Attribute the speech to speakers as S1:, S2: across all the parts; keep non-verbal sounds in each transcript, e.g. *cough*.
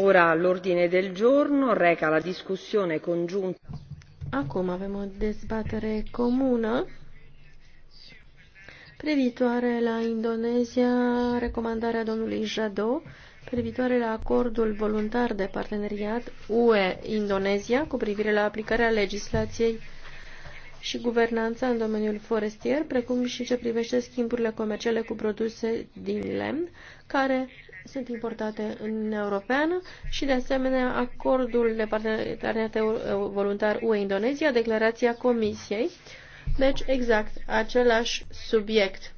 S1: Ora l'ordine del giorno reca la discussione congiunta. Acum avem o dezbatere comună privitoare la Indonezia, recomandarea domnului Jado privitoare la acordul voluntar de parteneriat UE-Indonezia cu privire la aplicarea legislației și guvernanța în domeniul forestier, precum și ce privește schimburile comerciale cu produse din lemn, care sunt importate în Uniunea Europeană și, de asemenea, acordul de parteneriat voluntar UE-Indonezia, declarația Comisiei. Deci, exact, același subiect.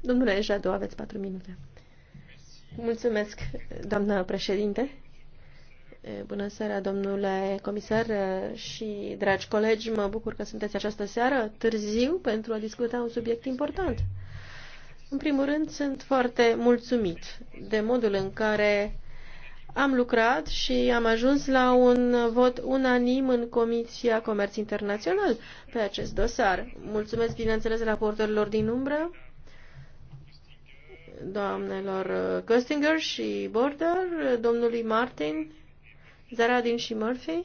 S1: Domnule Jadu, aveți patru minute. Mulțumesc, doamnă președinte. Bună seara, domnule comisar și dragi colegi, mă bucur că sunteți această seară târziu pentru a discuta un subiect important. În primul rând, sunt foarte mulțumit de modul în care am lucrat și am ajuns la un vot unanim în Comisia Comerț Internațional pe acest dosar. Mulțumesc, bineînțeles, raportorilor din umbră, doamnelor Göstinger și Border, domnului Martin Zaradin și Murphy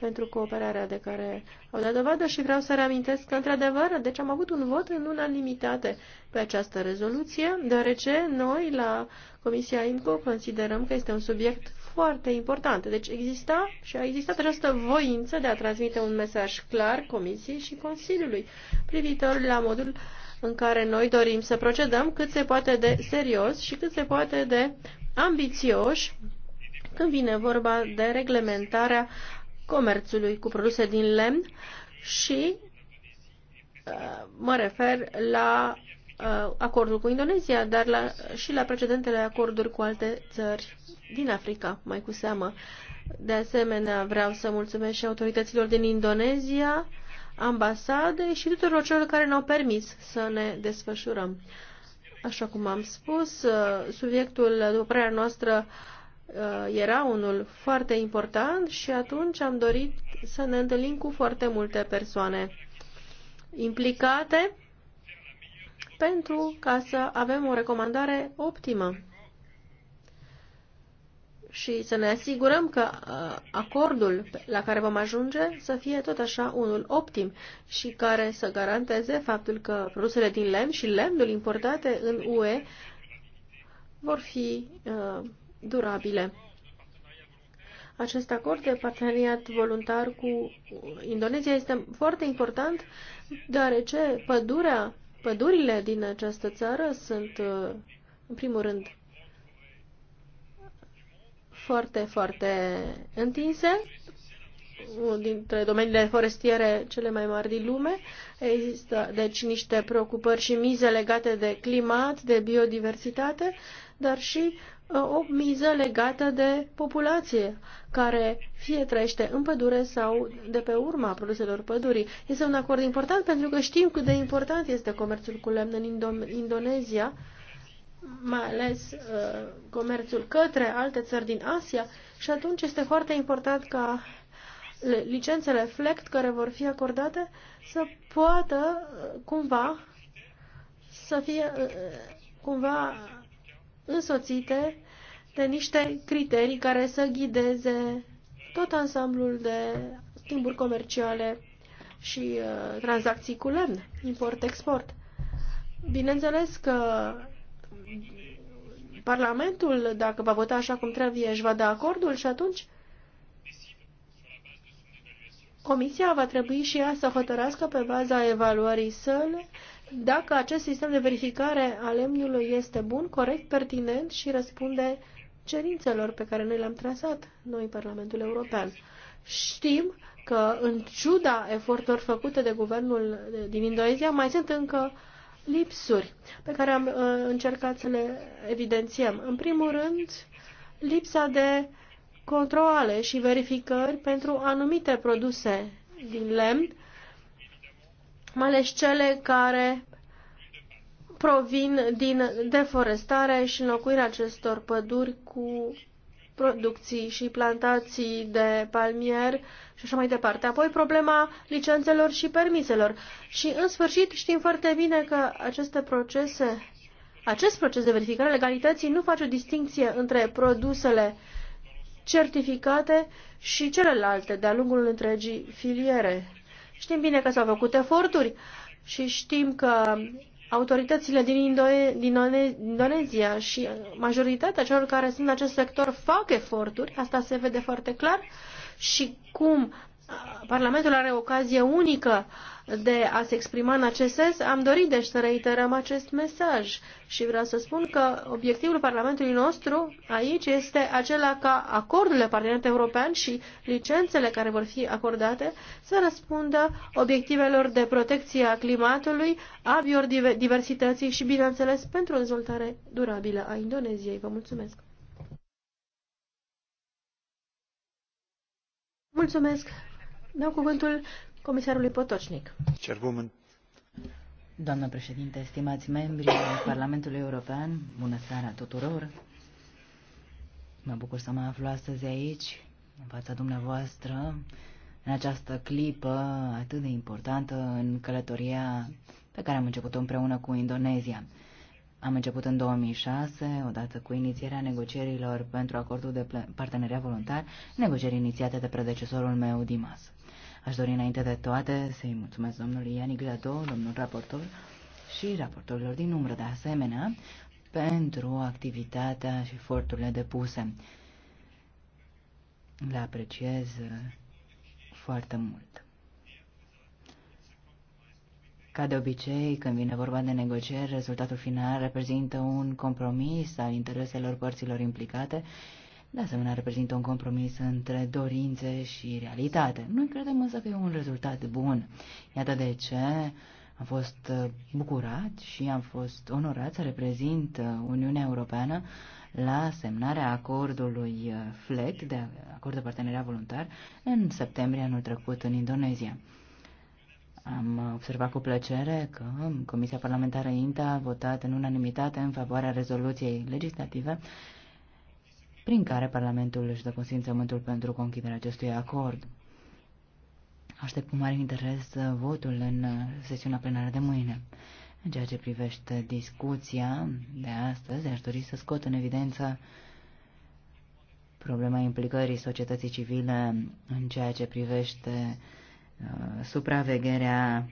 S1: pentru cooperarea de care au dat dovadă și vreau să reamintesc că, într-adevăr, deci am avut un vot în unanimitate pe această rezoluție, deoarece noi la Comisia INCO considerăm că este un subiect foarte important. Deci exista și a existat această voință de a transmite un mesaj clar Comisiei și Consiliului privitor la modul în care noi dorim să procedăm cât se poate de serios și cât se poate de ambițioși când vine vorba de reglementarea comerțului cu produse din lemn și uh, mă refer la uh, acordul cu Indonezia, dar la, și la precedentele acorduri cu alte țări din Africa, mai cu seamă. De asemenea, vreau să mulțumesc și autorităților din Indonezia, ambasade și tuturor celor care ne-au permis să ne desfășurăm. Așa cum am spus, uh, subiectul, după părerea noastră, Uh, era unul foarte important și atunci am dorit să ne întâlnim cu foarte multe persoane implicate pentru ca să avem o recomandare optimă și să ne asigurăm că uh, acordul la care vom ajunge să fie tot așa unul optim și care să garanteze faptul că produsele din lemn și lemnul importate în UE vor fi uh, durabile. Acest acord de parteneriat voluntar cu Indonezia este foarte important, deoarece pădurea, pădurile din această țară sunt, uh, în primul rând, foarte, foarte întinse unul dintre domeniile forestiere cele mai mari din lume. Există deci niște preocupări și mize legate de climat, de biodiversitate, dar și uh, o miză legată de populație, care fie trăiește în pădure sau de pe urma produselor pădurii. Este un acord important pentru că știm cât de important este comerțul cu lemn în Indo- Indonezia, mai ales uh, comerțul către alte țări din Asia și atunci este foarte important ca licențele FLECT care vor fi acordate să poată cumva să fie cumva însoțite de niște criterii care să ghideze tot ansamblul de schimburi comerciale și uh, tranzacții cu lemn, import-export. Bineînțeles că Parlamentul, dacă va vota așa cum trebuie, își va da acordul și atunci Comisia va trebui și ea să hotărască pe baza evaluării sale dacă acest sistem de verificare a lemnului este bun, corect, pertinent și răspunde cerințelor pe care noi le-am trasat noi, Parlamentul European. Știm că, în ciuda eforturilor făcute de guvernul din Indonezia, mai sunt încă lipsuri pe care am uh, încercat să le evidențiem. În primul rând, lipsa de uh, controle și verificări pentru anumite produse din lemn, mai ales cele care provin din deforestare și înlocuirea acestor păduri cu producții și plantații de palmier și așa mai departe. Apoi problema licențelor și permiselor. Și în sfârșit știm foarte bine că aceste procese, acest proces de verificare legalității nu face o distinție între produsele uh, certificate și celelalte de-a lungul întregii filiere. Știm bine că s-au făcut eforturi și știm că autoritățile din, Indo- din Indonezia și majoritatea celor care sunt în acest sector fac eforturi, asta se vede foarte clar, și cum Parlamentul are o ocazie unică de a se exprima în acest sens. Am dorit deci să reiterăm acest mesaj și vreau să spun că obiectivul Parlamentului nostru aici este acela ca acordurile Parlamentului European și licențele care vor fi acordate să răspundă obiectivelor de protecție a climatului, a biodiversității și, bineînțeles, pentru o dezvoltare durabilă a Indoneziei. Vă mulțumesc! Mulțumesc! Dau cuvântul comisarului Potocnic. Chairwoman. Doamnă
S2: președinte, stimați membri ai Parlamentului European, bună seara tuturor! Mă bucur să mă aflu astăzi aici, în fața dumneavoastră, în această clipă atât de importantă în călătoria pe care am început-o împreună cu Indonezia. Am început în 2006, odată cu inițierea negocierilor pentru acordul de parteneria voluntar, negocieri inițiate de predecesorul meu, Dimas. Aș dori înainte de toate să-i mulțumesc domnului Iani Glado, domnul raportor și raportorilor din umbră de asemenea pentru activitatea și eforturile depuse. Le apreciez foarte mult. Ca de obicei, când vine vorba de negocieri, rezultatul final reprezintă un compromis al intereselor părților implicate de asemenea, reprezintă un compromis între dorințe și realitate. Noi credem însă că e un rezultat bun. Iată de ce am fost bucurat și am fost onorat să reprezint Uniunea Europeană la semnarea acordului FLET, de acord de parteneriat voluntar, în septembrie anul trecut în Indonezia. Am observat cu plăcere că Comisia Parlamentară INTA a votat în unanimitate în favoarea rezoluției legislative prin care Parlamentul își dă consimțământul pentru conchiderea acestui acord. Aștept cu mare interes uh, votul în uh, sesiunea plenară de mâine. În ceea ce privește discuția de astăzi, aș dori să scot în evidență problema implicării societății civile în ceea ce privește uh, supravegherea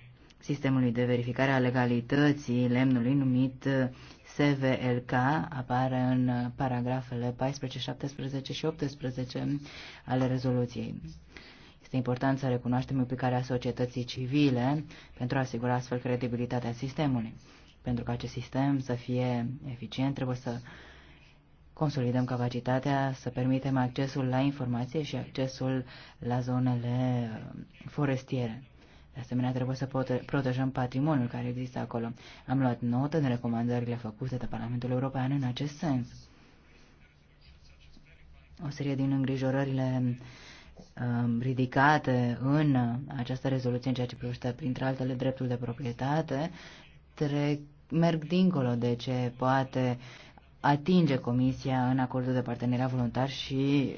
S2: sistemului de verificare a legalității lemnului numit SVLK apare în paragrafele 14, 17 și 18 ale rezoluției. Este important să recunoaștem implicarea societății civile pentru a asigura astfel credibilitatea sistemului. Pentru ca acest sistem să fie eficient, trebuie să consolidăm capacitatea, să permitem accesul la informație și accesul la zonele forestiere. De asemenea, trebuie să protejăm patrimoniul care există acolo. Am luat notă în recomandările făcute de Parlamentul European în acest sens. O serie din îngrijorările um, ridicate în această rezoluție în ceea ce privește, printre altele, dreptul de proprietate, trec, merg dincolo de ce poate atinge Comisia în acordul de parteneriat voluntar și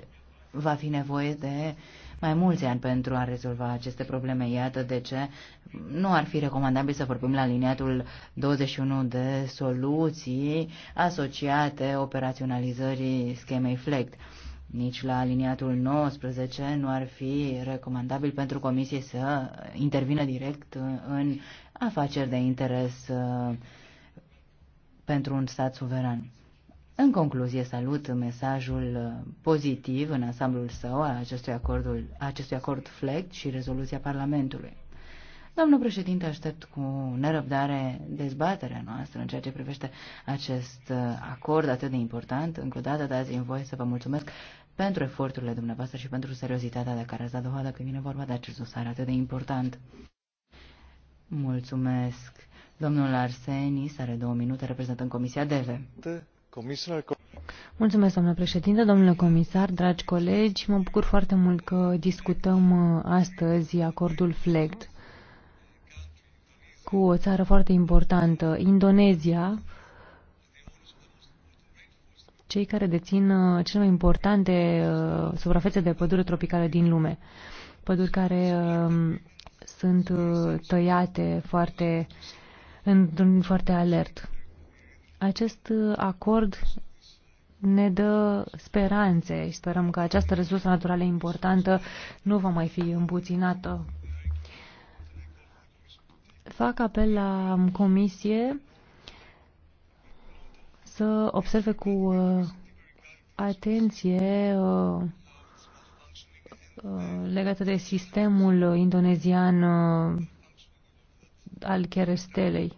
S2: va fi nevoie de mai mulți ani pentru a rezolva aceste probleme. Iată de ce nu ar fi recomandabil să vorbim la liniatul 21 de soluții asociate operaționalizării schemei FLECT. Nici la aliniatul 19 nu ar fi recomandabil pentru comisie să intervină direct în afaceri de interes uh, pentru un stat suveran. În concluzie, salut mesajul uh, pozitiv în ansamblul său al acestui, acordul, acestui acord FLECT și rezoluția Parlamentului. Domnul președinte, aștept cu nerăbdare dezbaterea noastră în ceea ce privește acest uh, acord atât de important. Încă o dată dați-mi voie să vă mulțumesc pentru eforturile dumneavoastră și pentru seriozitatea de care ați dat dovadă când vine vorba de acest dosar atât de important. Mulțumesc. Domnul Arseni, are două minute, reprezentând Comisia DEVE. Mulțumesc,
S3: doamnă președinte, domnule comisar, dragi colegi. Mă bucur foarte mult că discutăm uh, astăzi acordul FLECT cu o țară foarte importantă, Indonezia, cei care dețin uh, cele mai importante uh, suprafețe de pădure tropicală din lume. Păduri care sunt tăiate foarte, în, foarte alert. Acest acord ne dă speranțe și sperăm că această resursă naturală importantă nu va mai fi îmbuținată. Fac apel la comisie să observe cu uh, atenție uh, uh, legată de sistemul indonezian al cherestelei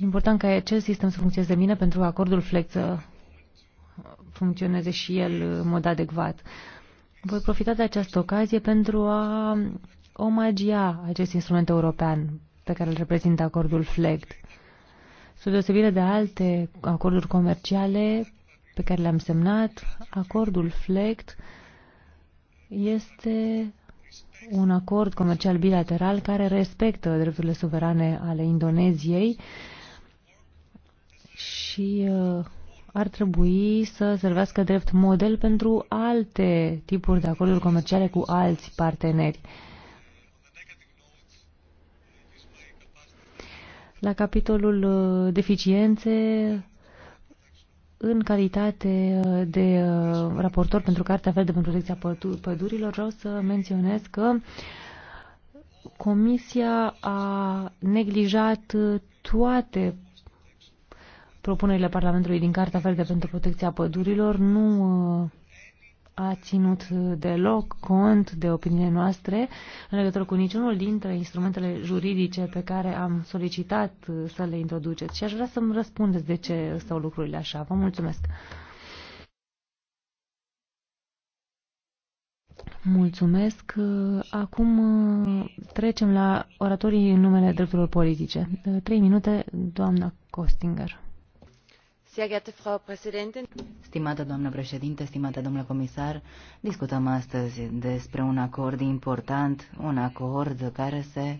S3: important ca acest sistem să funcționeze bine pentru că acordul flex să funcționeze și el în mod adecvat. Voi profita de această ocazie pentru a omagia acest instrument european pe care îl reprezintă acordul FLEG. Sub deosebire de alte acorduri comerciale pe care le-am semnat, acordul FLEG este un acord comercial bilateral care respectă drepturile suverane ale Indoneziei și uh, ar trebui să servească drept model pentru alte tipuri de acorduri comerciale cu alți parteneri. La capitolul uh, deficiențe, în calitate uh, de raportor pentru Cartea Verde pentru Protecția Pădurilor, vreau să menționez că Comisia a neglijat toate propunerile Parlamentului din Carta Verde pentru protecția pădurilor nu uh, a ținut deloc cont de opiniile noastre în legătură cu niciunul dintre instrumentele juridice pe care am solicitat uh, să le introduceți și aș vrea să-mi răspundeți de ce stau lucrurile așa. Vă mulțumesc! Mulțumesc. Uh, acum trecem la oratorii în numele drepturilor politice. Trei minute, doamna Costinger.
S2: Stimată doamnă președinte, stimată domnule comisar, discutăm astăzi despre un acord important, un acord care se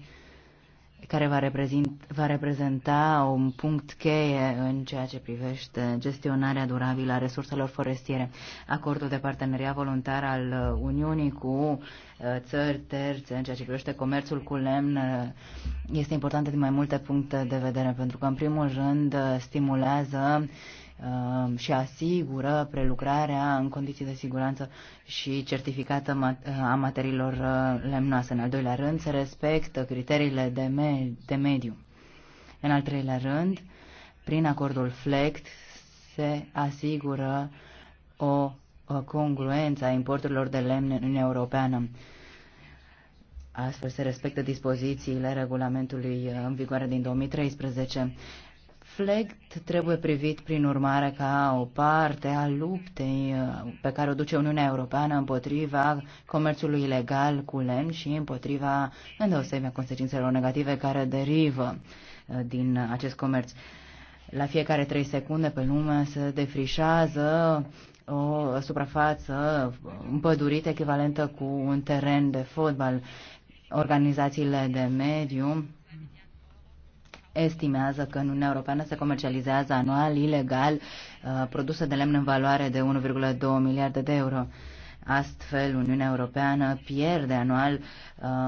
S2: care va, reprezint, va reprezenta un punct cheie în ceea ce privește gestionarea durabilă a resurselor forestiere. Acordul de parteneriat voluntar al Uniunii cu uh, țări terțe în ceea ce privește comerțul cu lemn uh, este important din mai multe puncte de vedere, pentru că, în primul rând, uh, stimulează Um, și asigură prelucrarea în condiții de siguranță și certificată a materiilor uh, lemnoase. În al doilea rând, se respectă criteriile de, me- de mediu. În al treilea rând, prin acordul FLECT se asigură o congruență a importurilor de lemn în Uniunea Europeană. Astfel se respectă dispozițiile regulamentului uh, în vigoare din 2013. Flect trebuie privit prin urmare ca o parte a luptei uh, pe care o duce Uniunea Europeană împotriva comerțului ilegal cu lemn și împotriva îndeosebimea consecințelor negative care derivă uh, din acest comerț. La fiecare trei secunde pe lume se defrișează o suprafață împădurită echivalentă cu un teren de fotbal. Organizațiile de mediu estimează că în Uniunea Europeană se comercializează anual ilegal uh, produse de lemn în valoare de 1,2 miliarde de euro. Astfel, Uniunea Europeană pierde anual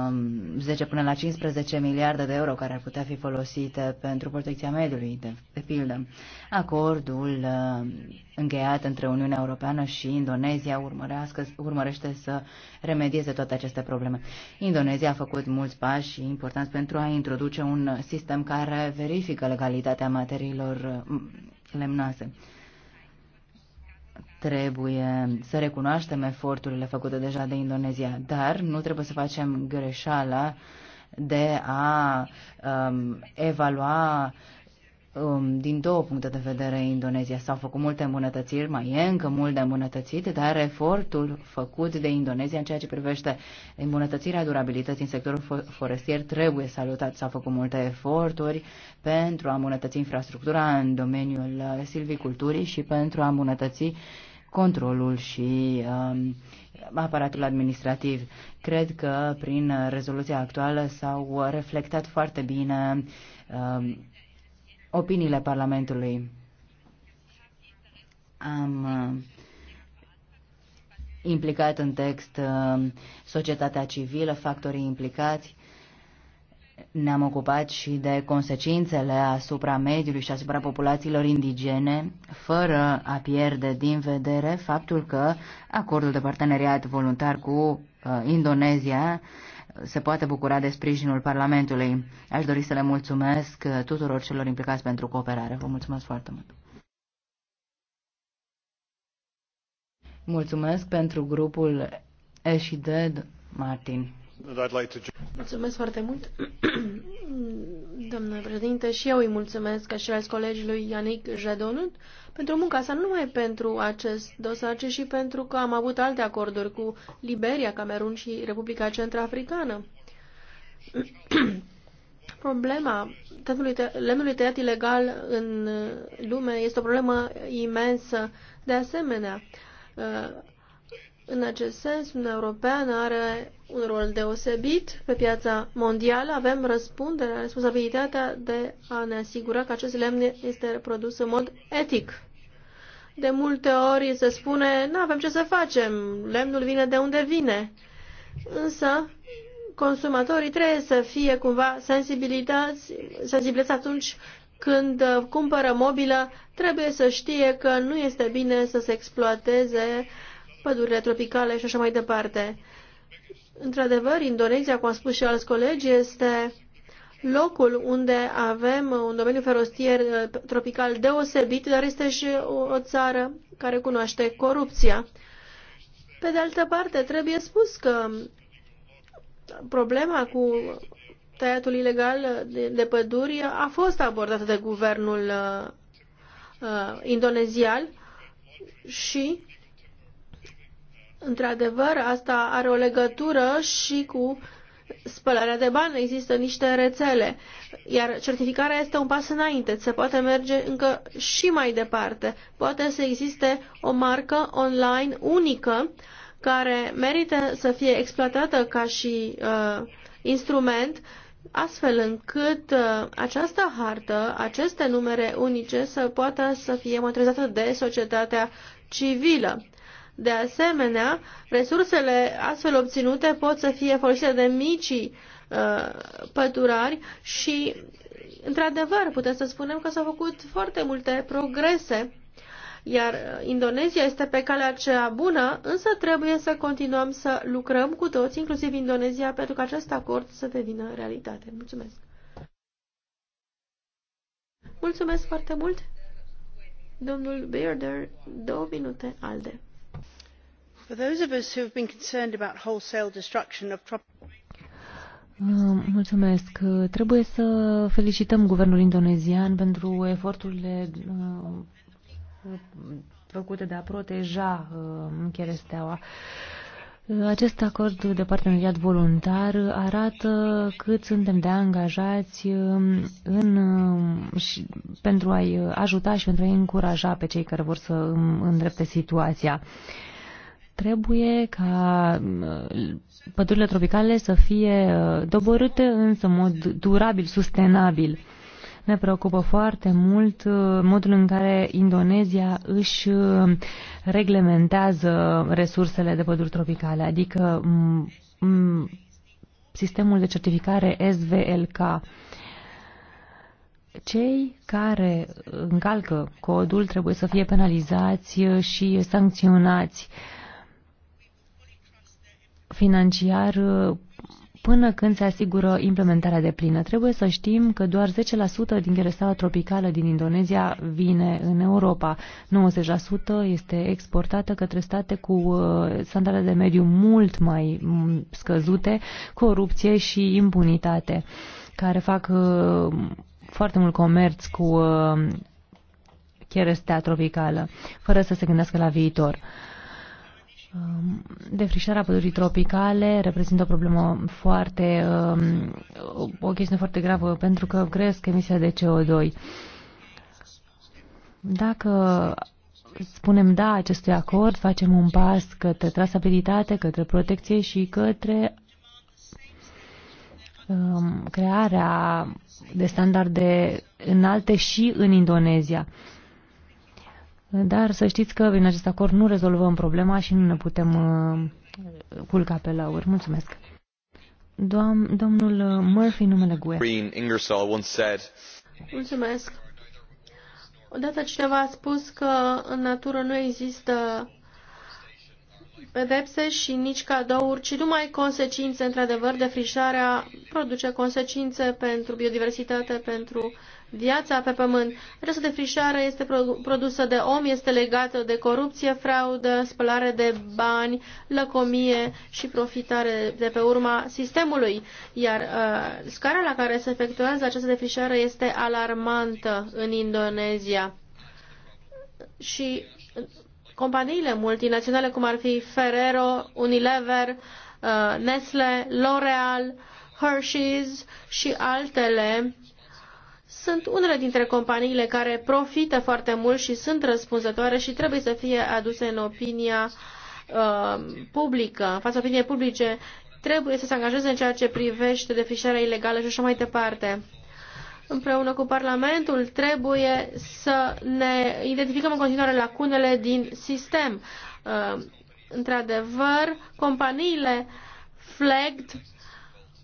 S2: um, 10 până la 15 miliarde de euro care ar putea fi folosite pentru protecția mediului, de, de pildă. Acordul uh, încheiat între Uniunea Europeană și Indonezia urmărește să remedieze toate aceste probleme. Indonezia a făcut mulți pași importanți pentru a introduce un sistem care verifică legalitatea materiilor um, lemnoase. Trebuie să recunoaștem eforturile făcute deja de Indonezia, dar nu trebuie să facem greșeala de a um, evalua um, din două puncte de vedere Indonezia. S-au făcut multe îmbunătățiri, mai e încă mult de îmbunătățit, dar efortul făcut de Indonezia în ceea ce privește îmbunătățirea durabilității în sectorul forestier trebuie salutat. S-au făcut multe eforturi pentru a îmbunătăți infrastructura în domeniul silviculturii și pentru a îmbunătăți uh, controlul și uh, aparatul administrativ. Cred că prin rezoluția actuală s-au reflectat foarte bine uh, opiniile Parlamentului. Am uh, implicat în text uh, societatea civilă, factorii implicați, ne-am ocupat și de consecințele asupra mediului și asupra populațiilor indigene, fără a pierde din vedere faptul că acordul de parteneriat voluntar cu uh, Indonezia se poate bucura de sprijinul Parlamentului. Aș dori să le mulțumesc uh, tuturor celor implicați pentru cooperare. Vă mulțumesc foarte mult! Mulțumesc pentru grupul Eșided Martin.
S1: Mulțumesc foarte mult, *clears throat* domnule președinte, și eu îi mulțumesc ca și alți colegi lui Ianic Jadonut pentru munca sa, nu numai pentru acest dosar, ci și pentru că am avut alte acorduri cu Liberia, Camerun și Republica Centrafricană. *clears throat* Problema lemnului tăiat ilegal în lume este o problemă imensă. De asemenea, în acest sens, Uniunea Europeană are un rol deosebit pe piața mondială. Avem răspunderea, responsabilitatea de a ne asigura că acest lemn este produs în mod etic. De multe ori se spune, nu avem ce să facem, lemnul vine de unde vine. Însă, consumatorii trebuie să fie cumva sensibilizați, atunci când uh, cumpără mobilă, trebuie să știe că nu este bine să se exploateze uh, pădurile tropicale și așa mai departe. Într-adevăr, Indonezia, cum a spus și alți colegi, este locul unde avem un domeniu ferostier eh, tropical deosebit, dar este și o țară care cunoaște corupția. Pe de altă parte, trebuie spus că problema cu tăiatul ilegal de, de păduri a fost abordată de guvernul uh, eh, eh, indonezial și Într-adevăr, asta are o legătură și cu spălarea de bani, există niște rețele, iar certificarea este un pas înainte, se poate merge încă și mai departe. Poate să existe o marcă online unică care merită să fie exploatată ca și uh, instrument, astfel încât uh, această hartă, aceste numere unice să poată să fie monitorizată de societatea civilă. De asemenea, resursele astfel obținute pot să fie folosite de micii uh, păturari și, într-adevăr, putem să spunem că s-au făcut foarte multe progrese, iar Indonezia este pe calea cea bună, însă trebuie să continuăm să lucrăm cu toți, inclusiv Indonezia, pentru că acest acord să devină realitate. Mulțumesc! Mulțumesc foarte mult! Domnul Bearder, două minute alde. For those of us who have been concerned about wholesale destruction of tropical
S3: uh, Mulțumesc. Trebuie să felicităm guvernul indonezian pentru eforturile uh, făcute de a proteja uh, steaua. Acest acord de parteneriat voluntar arată cât suntem de angajați în, și, pentru a-i ajuta și pentru a-i încuraja pe cei care vor să îndrepte situația. Trebuie ca mm, pădurile tropicale să fie uh, doborâte, însă în mod durabil, sustenabil. Ne preocupă foarte mult uh, modul în care Indonezia își uh, reglementează resursele de păduri tropicale, adică mm, mm, sistemul de certificare SVLK. Cei care încalcă codul trebuie să fie penalizați și sancționați. Uh, financiar uh, până când se asigură implementarea de plină. Trebuie să știm că doar 10% din chereaua tropicală din Indonezia vine în Europa. 90% este exportată către state cu uh, standarde de mediu mult mai mm, scăzute, corupție și impunitate, care fac uh, foarte mult comerț cu cherestea tropicală, fără să se gândească la viitor. Uh, Um, defrișarea pădurii tropicale reprezintă o problemă foarte, um, o chestiune foarte gravă pentru că cresc emisia de CO2. Dacă spunem da acestui acord, facem un pas către trasabilitate, către protecție și către um, crearea de standarde înalte și în Indonezia. Dar să știți că prin acest acord nu rezolvăm problema și nu ne putem uh, culca pe lauri.
S1: Mulțumesc. Doam, domnul uh, Murphy, numele GUE. Mulțumesc. Odată cineva a spus că în natură nu există pedepse și nici cadouri, ci numai consecințe, într-adevăr, defrișarea produce consecințe pentru biodiversitate, pentru viața pe pământ. Această defrișare este produsă de om, este legată de corupție, fraudă, spălare de bani, lăcomie și profitare de pe urma sistemului. Iar uh, scara la care se efectuează această defrișare este alarmantă în Indonezia. Și companiile multinaționale, cum ar fi Ferrero, Unilever, uh, Nestle, L'Oreal, Hershey's și altele, sunt unele dintre companiile care profită foarte mult și sunt răspunzătoare și trebuie să fie aduse în opinia uh, publică, în fața opiniei publice, trebuie să se angajeze în ceea ce privește defișarea ilegală și așa mai departe împreună cu Parlamentul, trebuie să ne identificăm în continuare lacunele din sistem. Uh, într-adevăr, companiile flagged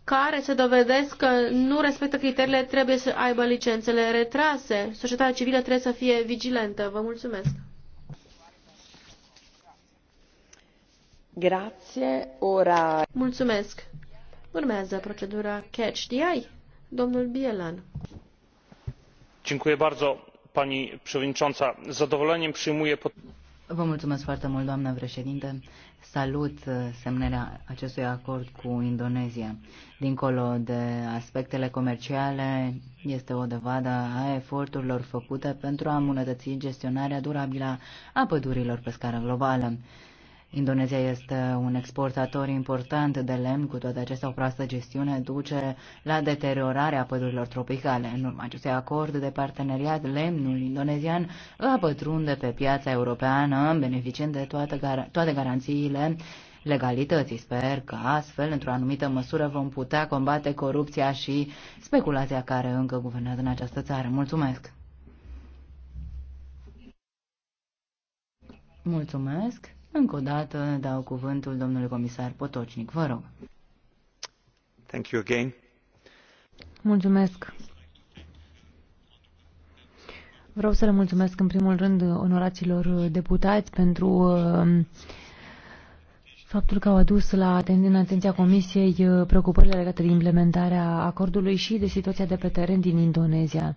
S1: care se dovedesc că nu respectă criteriile trebuie să aibă licențele retrase. Societatea civilă trebuie să fie vigilentă. Vă mulțumesc. Grazie, ora... Mulțumesc. Urmează procedura Catch the Eye. Bielan.
S3: pani przewodnicząca. Z zadowoleniem przyjmuję...
S2: mulțumesc doamnă președinte. Salut uh, semnarea acestui acord cu Indonezia. Dincolo de aspectele comerciale, este o dovadă a eforturilor făcute pentru a îmbunătăți gestionarea durabilă a pădurilor pe scară globală. Indonezia este un exportator important de lemn, cu toate acestea o proastă gestiune duce la deteriorarea pădurilor tropicale. În urma acestui acord de parteneriat, lemnul indonezian va pătrunde pe piața europeană, beneficiind de toate, gar- toate garanțiile legalității. Sper că astfel, într-o anumită măsură, vom putea combate corupția și speculația care încă guvernează în această țară. Mulțumesc! Mulțumesc! Încă o dată dau cuvântul domnului comisar Potocnic. Vă rog.
S1: Thank you again.
S2: Mulțumesc.
S3: Vreau să le mulțumesc în primul rând onoraților deputați pentru uh, faptul că au adus la aten- în atenția Comisiei uh, preocupările legate de implementarea acordului și de situația de pe teren din Indonezia.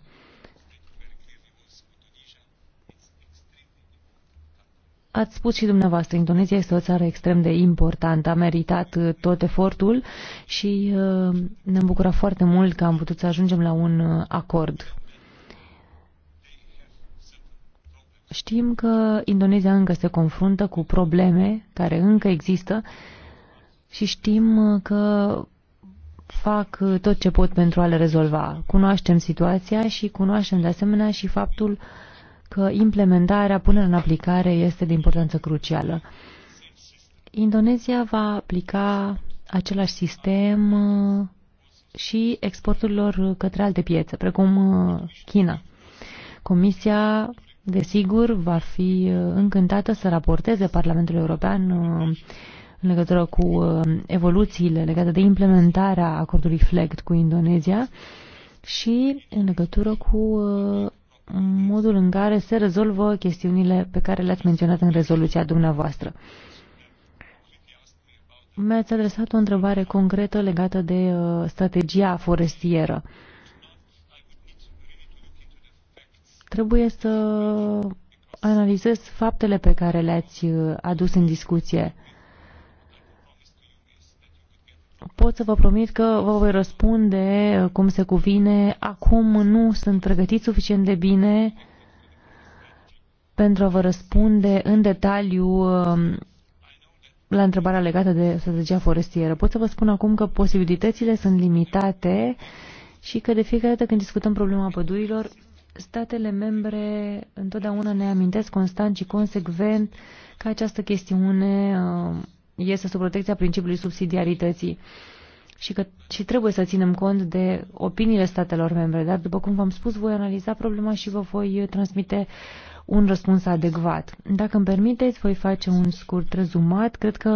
S3: Ați spus și dumneavoastră, Indonezia este o țară extrem de importantă, a meritat uh, tot efortul și uh, ne-am bucurat foarte mult că am putut să ajungem la un uh, acord. Știm că Indonezia încă se confruntă cu probleme care încă există și știm că fac tot ce pot pentru a le rezolva. Cunoaștem situația și cunoaștem de asemenea și faptul că implementarea, punerea în aplicare este de importanță crucială. Indonezia va aplica același sistem uh, și exporturilor către alte piețe, precum uh, China. Comisia, desigur, va fi uh, încântată să raporteze Parlamentul European în legătură cu evoluțiile legate de implementarea acordului FLECT cu Indonezia și în legătură cu modul în care se rezolvă chestiunile pe care le-ați menționat în rezoluția dumneavoastră. Mi-ați adresat o întrebare concretă legată de uh, strategia forestieră. Trebuie să analizez faptele pe care le-ați uh, adus în discuție pot să vă promit că vă voi răspunde uh, cum se cuvine. Acum nu sunt pregătit suficient de bine pentru a vă răspunde în detaliu um, la întrebarea legată de strategia forestieră. Pot să vă spun acum că posibilitățile sunt limitate și că de fiecare dată când discutăm problema pădurilor, statele membre întotdeauna ne amintesc constant și consecvent că această chestiune um, este sub protecția principiului subsidiarității și, că, și trebuie să ținem cont de opiniile statelor membre, dar după cum v-am spus, voi analiza problema și vă voi transmite un răspuns adecvat. Dacă îmi permiteți, voi face un scurt rezumat. Cred că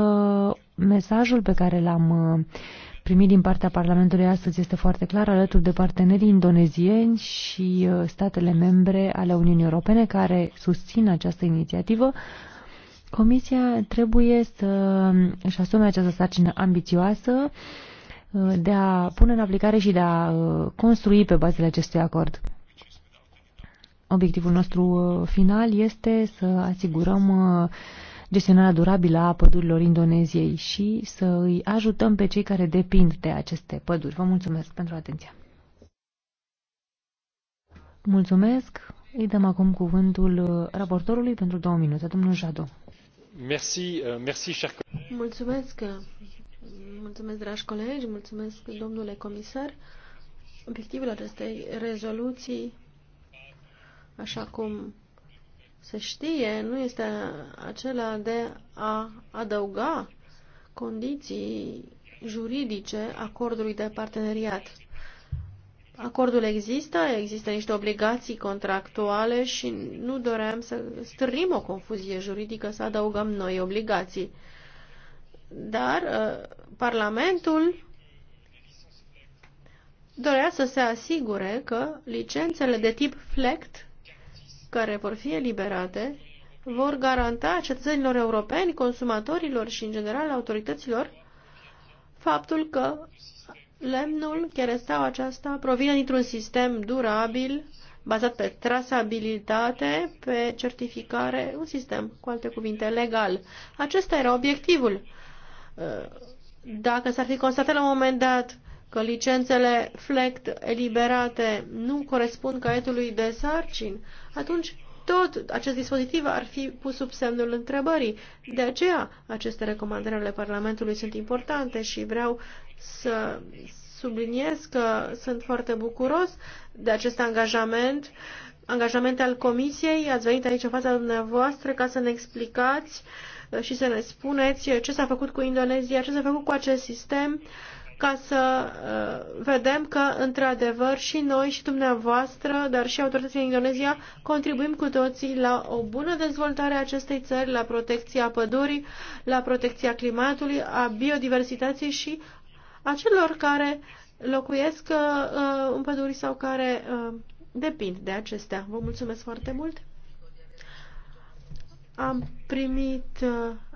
S3: mesajul pe care l-am uh, primit din partea Parlamentului astăzi este foarte clar, alături de partenerii indonezieni și uh, statele membre ale Uniunii Europene care susțin această inițiativă. Comisia trebuie să își asume această sarcină ambițioasă uh, de a pune în aplicare și de a uh, construi pe bazele acestui acord. Obiectivul nostru uh, final este să asigurăm gestionarea durabilă a pădurilor Indoneziei și să îi ajutăm pe cei care depind de aceste păduri. Vă mulțumesc pentru atenție. Mulțumesc. Îi dăm acum cuvântul raportorului pentru două minute, domnul Jado.
S1: Euh, mulțumesc, uh, mulțumesc, dragi colegi, mulțumesc, domnule comisar. Obiectivul acestei rezoluții, așa cum se știe, nu este acela de a adăuga condiții juridice acordului de parteneriat. Acordul există, există niște obligații contractuale și nu doream să strânim o confuzie juridică, să adăugăm noi obligații. Dar uh, Parlamentul dorea să se asigure că licențele de tip FLECT, care vor fi eliberate, vor garanta cetățenilor europeni, consumatorilor și, în general, autorităților faptul că Lemnul, cherestaua aceasta, provine dintr-un sistem durabil, bazat pe trasabilitate, pe certificare, un sistem, cu alte cuvinte, legal. Acesta era obiectivul. Uh, dacă s-ar fi constatat la un moment dat că licențele FLECT eliberate nu corespund caietului de sarcin, atunci tot acest dispozitiv ar fi pus sub semnul întrebării. De aceea, aceste recomandări ale Parlamentului sunt importante și vreau să subliniez că sunt foarte bucuros de acest angajament, angajament al Comisiei. Ați venit aici în fața dumneavoastră ca să ne explicați uh, și să ne spuneți ce s-a făcut cu Indonezia, ce s-a făcut cu acest sistem, ca să uh, vedem că, într-adevăr, și noi, și dumneavoastră, dar și autoritățile Indonezia, contribuim cu toții la o bună dezvoltare a acestei țări, la protecția pădurii, la protecția climatului, a biodiversității și a celor care locuiesc uh, uh, în păduri sau care uh, depind de acestea. Vă mulțumesc foarte mult! Am primit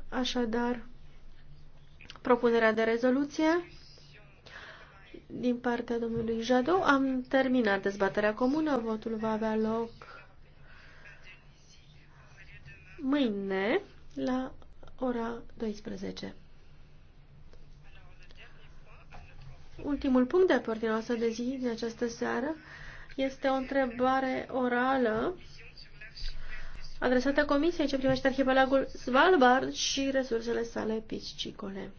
S1: așadar propunerea de rezoluție din partea domnului Jadou. Am terminat dezbaterea comună. Votul va avea loc mâine la ora 12. Ultimul punct de pe noastră de zi din această seară este o întrebare orală adresată Comisiei ce privește arhipelagul Svalbard și resursele sale piscicole.